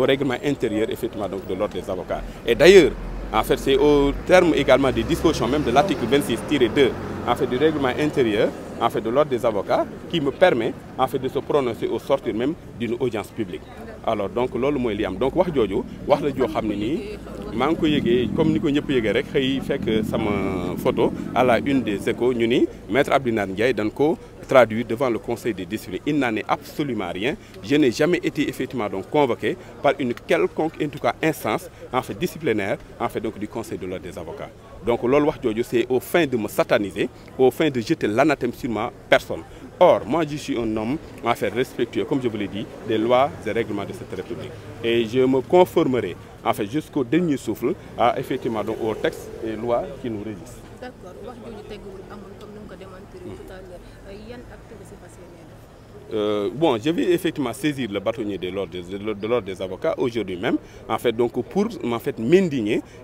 au règlement intérieur effectivement donc de l'ordre des avocats. Et d'ailleurs, en fait, c'est au de l'article 26-2 en fait, du règlement en fait de l'ordre des avocats qui me permet en fait de se prononcer au sortir même d'une audience publique alors donc loolu mooy li am donc wax jooju wax la joo xam ne nii maa ngi ko yëgee comme ni ko ñëpp yëgee rek xëy fekk sama photo à la une des échos ñu ni maître Abdinaar Ndiaye dañ ko traduit devant le conseil de discipline il n'en est absolument rien je n'ai jamais été effectivement donc convoqué par une quelconque en tout cas instance en fait disciplinaire en fait donc donc loolu wax jooju c'est au fins de me sataniser aux fins de jeter l'anathème sur ma personne or moi je un homme en fait respectueux comme je vous dit des lois et règlements de cette république et je me conformerai en fait jusqu'au dernier souffle à effectivement donc aux textes et lois qui nous régissent Euh, bon, je vais effectivement saisir le bâtonnier de l'ordre des, de des, avocats aujourd'hui même, en fait, donc pour en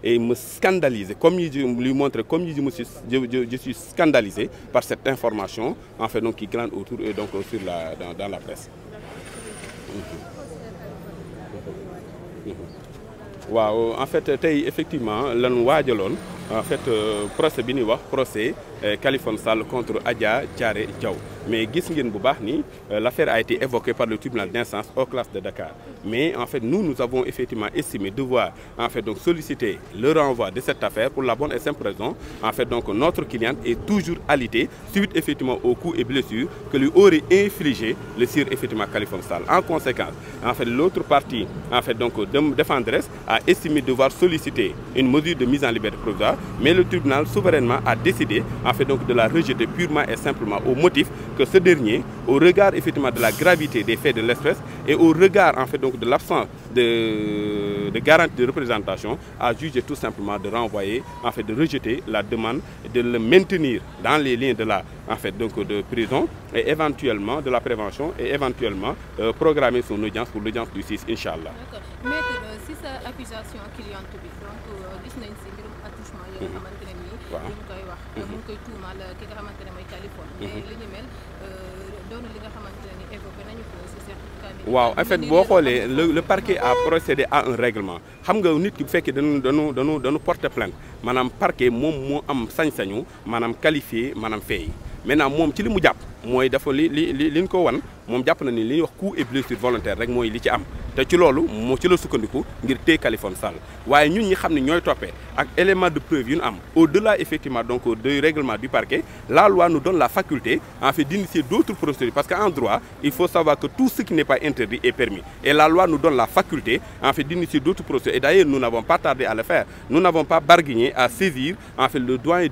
et me scandaliser, comme je lui montre, comme je, suis, je, je, je suis scandalisé par cette information, en fait, donc qui glande autour et euh, donc sur la, dans, la presse. Mhm. Mhm. Mhm. waaw en fait tey effectivement lan waaja waajaloon en fait euh, procès bi ñuy wax procès Euh, Khaliphone Sall contre Adja Thiaré Diaw mais gis ngeen bu baax ni euh, l'affaire a été évoquée par le tribunal d'instance hors classe de Dakar mais en fait nous nous avons effectivement estimé devoir en fait donc solliciter le renvoi de cette affaire pour la bonne et simple raison en fait donc notre cliente est toujours alitée suite effectivement aux coups et blessures que lui aurait infligé le sire effectivement Khaliphone en conséquence en fait l'autre partie en fait donc de défenderesse a estimé devoir solliciter une mesure de mise en mais le tribunal souverainement a décidé en fait donc de la rejeter purement et simplement au motif que ce dernier, au regard effectivement de la gravité des faits de l'espèce et au regard de l'absence de, garantie de représentation, a jugé tout simplement de renvoyer, de rejeter la demande, de le maintenir dans les liens de la en donc de prison et de la prévention et éventuellement euh, programmer son audience pour l'audience du 6 Inch'Allah. waaw li mu koy fait boo xoolee le le parquet a procédé a un règlement xam nga nit ki bu fekkee dañu dañu dañu dañu porte plainte maanaam parquet moom mu am sañ-sañu maanaam qualifié maanaam feeyi maintenant moom ci li mu jàpp mooy dafa li li li liñ ko wan moom jàpp na ni li ñuy wax coup et blessure volontaire rek mooy li ci am te ci loolu moo ci la sukkandiku ngir téye Khaliphone Sall waaye ñun ñi xam ne ñooy toppee ak élément de preuve yu ñu am au-delà effectivement donc du règlement du parquet la loi nous donne la faculté en fait d'initier d'autres procédures parce qu'en droit il faut savoir que tout ce qui n'est pas interdit est permis et la loi nous donne la faculté en fait d'initier d'autres procédures et d'ailleurs nous n'avons pas tardé à le faire nous n'avons pas barguigné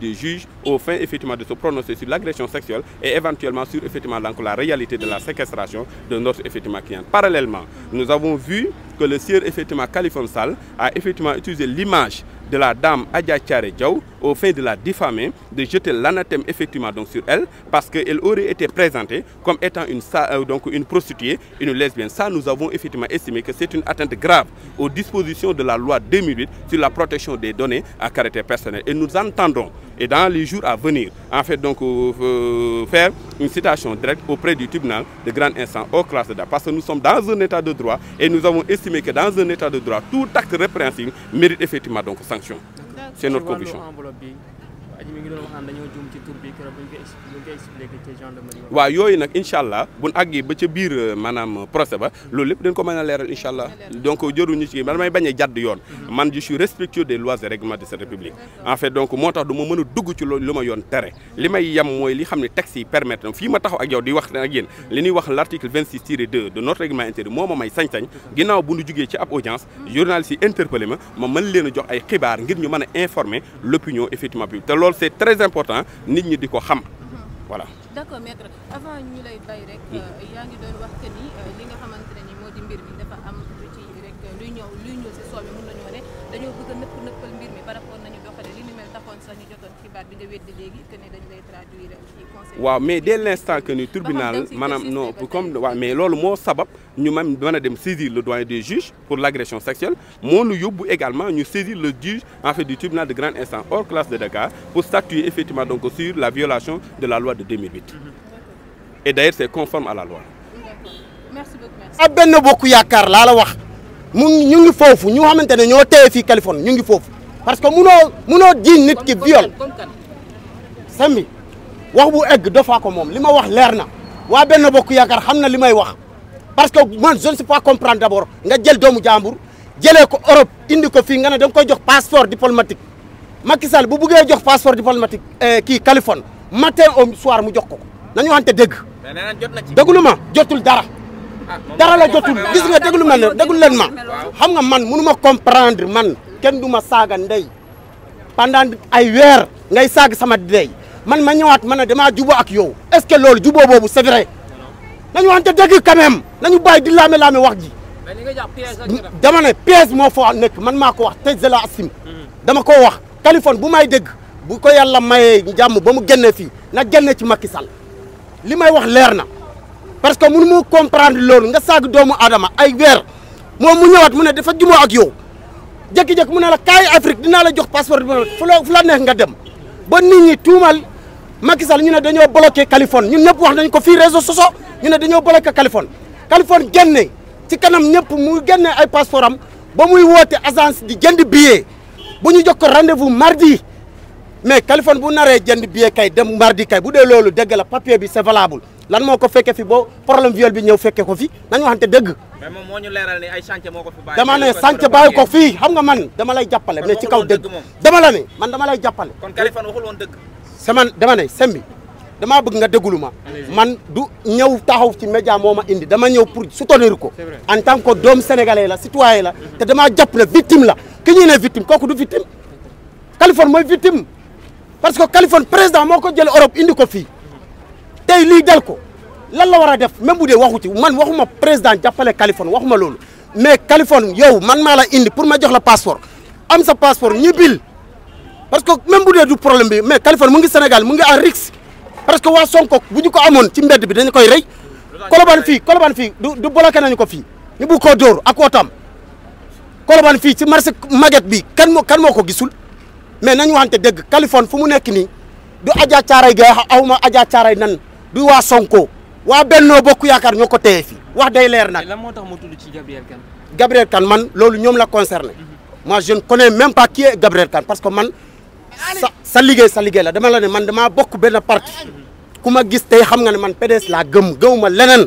des juges au fin effectivement de se prononcer sur l'agression sexuelle et éventuellement sur effectivement donc, la réalité de la séquestration de notre effectivement client. Parallèlement, nous avons vu que le sieur effectivement Khalifa Sall a effectivement utilisé l'image de la dame Adja Diaw au fait de la diffamer, de jeter l'anathème effectivement donc sur elle, parce qu'elle aurait été présentée comme étant une, euh, donc une prostituée, une lesbienne. Ça, nous avons effectivement que c'est une atteinte grave aux dispositions de la loi 2008 sur la protection des données à caractère personnel. Et nous entendons, et dans les jours à venir, en fait, donc, euh, euh faire une citation directe auprès du tribunal de grande instance hors classe d'art. Parce que nous sommes dans un état de droit et seen notre conviction mi ngi doon waxaan yooyu nag incha allah bun àggee ba ca biir euh, maanaam euh, procès ba hmm. loolu lépp dañ ko mën a leeral incha allah donc jëruñu ci man may bañ a jàdd yoon hmm. man je suis respectueux des lois et règlements de cette république en fait donc moo tax du ma mën a dugg ci loolu lu ma yoon tere li may yem mooy li xam ne texte yi permettre na fii ma taxaw ak yow di wax ak yéen hmm. li ñuy wax l' article 26 tiré 2 de notre règlement intérieur moo ma may sañ-sañ ginnaaw bu ñu jugee ci ab audience journaliste yi interpellé ma ma mën leen a jox xibaar ngir ñu mën a informer l' loolu c'est très important nit ñi di ko xam mhm. voilà. d'accord avant ñu lay bay rek euh, yaa ngi doon wax que ni euh, li nga xamante ne nii moo di mbir mi dafa am lu ci rek luy ñëw luy ñëw si soo dañoo bëgg a nëpp nëppal mbir mi par rapport waxoon waaw mais dès l' que ni tribunal maanaam non comme waaw mais loolu moo sabab ñu man mën a dem saisir le doyen des juges pour l' agression sexuelle moo nu yóbbu également ñu saisir le juge en fait du tribunal de grande instance hors classe de Dakar pour statuer effectivement donc sur la violation de la loi de et d' ailleurs c' est conforme à la loi. merci ah, benn bokk yaakaar laa la wax mu ñu ngi foofu ñu xamante ne ñoo téye fii Californie ñu ngi foofu. parce que munoo munoo jiiñ nit ki viol Samy wax bu egg dofaa ko moom li ma wax leer na waa benn bokk yaakaar xam na li may wax parce que man je ne sais pas comprendre d'abord nga jël doomu jàmbur jëlee ko Europe indi ko fii nga ne da nga koy jox passeport diplomatique Macky Sall bu buggee jox passeport diplomatique eh, kii Californie matin au soir mu jox ko nañu waxante dégg. déglu ma jotul dara. Ah, dara la jotul gis nga déglu ma leen déglu leen ma. xam nga man munu ma comprendre man. kenn du ma saaga ndey pendant ay weer ngay saag sama ndey man ma ñëwaat ma ne damaa jubóo ak yow est-ce que loolu jubóo boobu c'est vrai nañu wante dëgg quand même nañu bàyyi di laame-laame wax ji dama ne pièce moo fa nekk man maa ko wax te zela asim hmm. dama ko wax Kaliphone bu may dégg bu ko yàlla mayee jàmm ba mu génne fii na génne ci Macky Sall li may wax leer na parce que mënu mu comprendre loolu nga saag doomu aadama ay weer moom mu ñëwaat mu ne dafa jubóo ak yow jékki-jékki mu ne la kaay Afrique dinaa la jox passeport bi fu la fu la neex nga dem ba nit ñi tuumal Macky ñu ne dañoo bloqué kalifon ñun nëpp wax nañ ko fii réseau soso ñu ne dañoo bloqué Californie Californie génne ci kanam ñëpp mu génne ay passeport am ba muy woote agence di jënd billet bu ñu jox ko rendez-vous mardi mais Californie bu naree jënd billet kay dem mardi kay bu dee loolu dëgg la papier bi c'est lan moo ko fekkee fi boo problème viol bi ñëw fekkee ko fi nañu waxante dëgg mais moom moo ñu leeral ni ay dama ne chantier bàyyi ko fii xam nga man dama lay jàppale mais ci kaw dëgg dama la ne man dama lay jàppale kon Kaliphone waxul woon dëgg sama dama ne sembi damaa bëgg nga déglu ma man du ñëw taxaw ci média moo ma indi dama ñëw pour soutenir ko en tant que doom sénégalais la citoyen la te damaa jàpp ne victime la ki ñuy ne victime kooku du victime Kaliphone mooy victime parce que Kaliphone président moo ko jël Europe indi ko fii tey lii dal ko lan la war a def même bu dee waxu ci man waxuma président jàppale Kaliphone waxuma loolu mais Kaliphone yow man maa la indi pour ma jox la passeport am sa passeport ñibbil parce que même bu dee du problème bi mais Kaliphone mu ngi Sénégal mu ngi en risque parce que waa Sonko bu ñu ko amoon ci mbedd bi dañu koy rey Colobane fii Colobane fii du du bloqué nañu ko fii ñu bugg koo dóor ak otam Colobane fii ci marché Maguette bi kan moo kan moo ko gisul mais nañu waxante dëgg Kaliphone fu mu nekk nii du Adja Caaray aw ma Adja Caaray nan du waa Sonko waa Bennoo Bokk Yaakaar ñoo ko téye wax day leer nag. lan moo tax mu tudd ci Gabriel Kane. Gabriel Kane man loolu ñoom la concerné. Mhm. moi je ne connais même pas qui est Gabriel Kane parce que man. sa sa liggéey sa liggéey la dama la ne man damaa bokku benn parti. ku ma gis tey xam nga ne man PDS laa gëm ma leneen.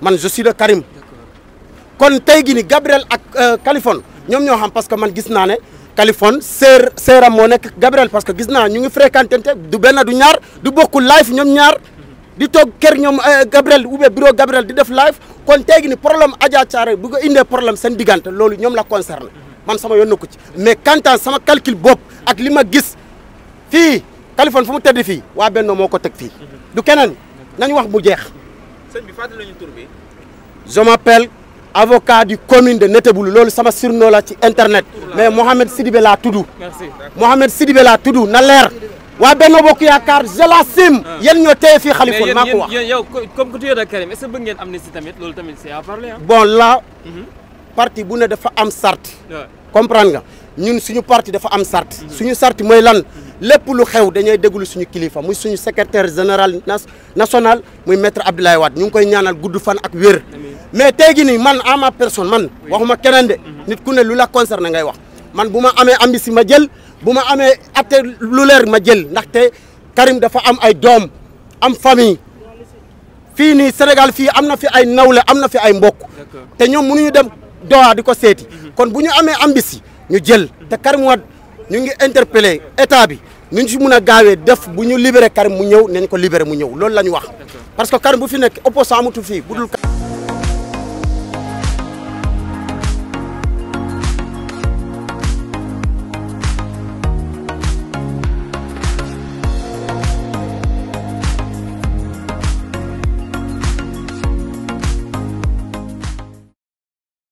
man je suis de Karim. kon tey gi ni Gabriel ak euh, Kalifon ñoom ñoo xam parce que man gis naa ne. Kalifon seer seeram moo nekk Gabriel parce que gis naa ñu ngi fréquenté du benna du ñaar du bokkul live ñoom ñaar. di toog kër ñoom euh, Gabriel oubien bureau Gabriel di def live kon tey ni problème Adja Thiaré bu ko indee problème seen diggante loolu ñoom la concerne man sama yoon na ko ci mais quant sama calcul bopp ak li ma gis fii Kaliphone fu mu tëdd fii waa Benno moo ko teg fii du keneen nañ wax mu jeex. sëñ bi fàttali nañu tur avocat du commune de Neteboulou loolu sama surno la ci internet mais Mohamed Sidibé laa tudd. merci Mohamed Sidibé laa tudd na leer. waa benn Bokk Yaakaar je l'assume. Ah. yéen ñoo téye fii Khalifa maa wax. mais comme que tu es de Karim est ce que bëgg ngeen amnistie tamit loolu tamit c'est bon là. Mhm. parti bu ne dafa am sart. comprendre nga ñun suñu parti dafa am sart. Mhm. suñu sart mooy lan. Mhm. lépp lu xew dañuy déglu suñu kilifa muy suñu secretaire général national muy maître Abdoulaye waat ñu ngi koy ñaanal gudd fan ak wér. mais tey jii nii man à ma personne man. waxuma keneen de. nit ku ne lu la concerné ngay wax man bu ma amee amnistie ma jël. bu ma amee atte lu leer ma jël ndaxte Karim dafa am ay doom am famille fii nii Sénégal fii am na fi ay nawle am na fi ay mbokk te ñoom ñu dem Doha di ko seeti mhm. kon bu ñu amee ambition ñu jël te Karim Wade ñu ngi interpellé état bi ñu si mun a gaawee def bu ñu libéré Karim mu ñëw nañ ko libéré mu ñëw lool la ñu wax parce que Karim bu fi nekk opposant amatu fii bu dul